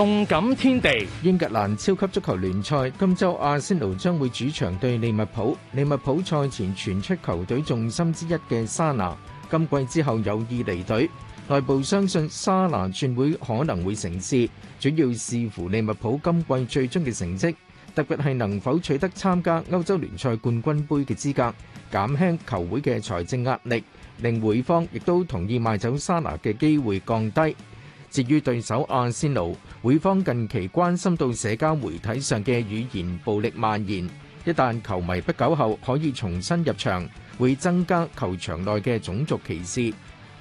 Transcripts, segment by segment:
動感天地，英格蘭超級足球聯賽今周阿仙奴將會主場對利物浦。利物浦賽前傳出球隊重心之一嘅沙拿，今季之後有意離隊，內部相信沙拿轉會可能會成事，主要視乎利物浦今季最終嘅成績，特別係能否取得參加歐洲聯賽冠軍杯嘅資格，減輕球會嘅財政壓力，令會方亦都同意賣走沙拿嘅機會降低。至於對手阿仙奴，會方近期關心到社交媒體上嘅語言暴力蔓延，一旦球迷不久後可以重新入場，會增加球場內嘅種族歧視。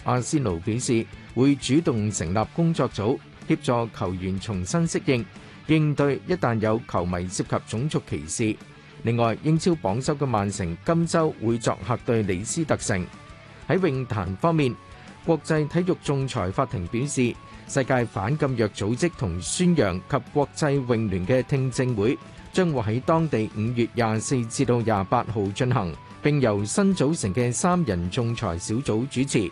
阿仙奴表示會主動成立工作組協助球員重新適應，應對一旦有球迷涉及種族歧視。另外，英超榜首嘅曼城今週會作客對李斯特城。喺泳壇方面。國際體育仲裁法庭表示，世界反禁藥組織同孫楊及國際泳聯嘅聽證會將會喺當地五月廿四至到廿八號進行，並由新組成嘅三人仲裁小組主持。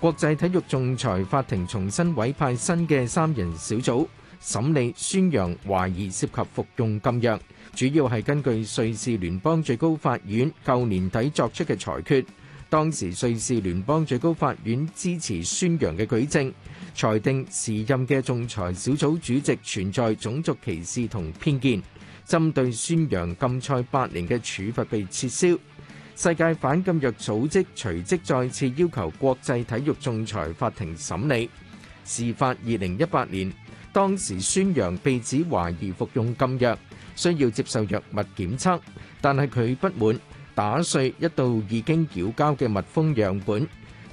國際體育仲裁法庭重新委派新嘅三人小組審理孫楊懷疑涉及服用禁藥，主要係根據瑞士聯邦最高法院舊年底作出嘅裁決。當時瑞士聯邦最高法院支持孫楊嘅舉證，裁定時任嘅仲裁小組主席存在種族歧視同偏見，針對孫楊禁賽八年嘅處罰被撤銷。世界反禁藥組織隨即再次要求國際體育仲裁法庭審理。事發二零一八年，當時孫楊被指懷疑服用禁藥，需要接受藥物檢測，但係佢不滿。打碎一道已經繳交嘅密封樣本，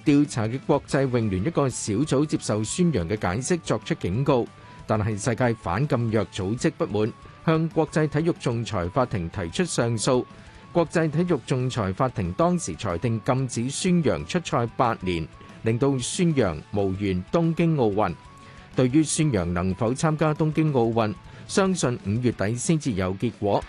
調查嘅國際泳聯一個小組接受孫楊嘅解釋作出警告，但係世界反禁藥組織不滿，向國際體育仲裁法庭提出上訴。國際體育仲裁法庭當時裁定禁止孫楊出賽八年，令到孫楊無緣東京奧運。對於孫楊能否參加東京奧運，相信五月底先至有結果。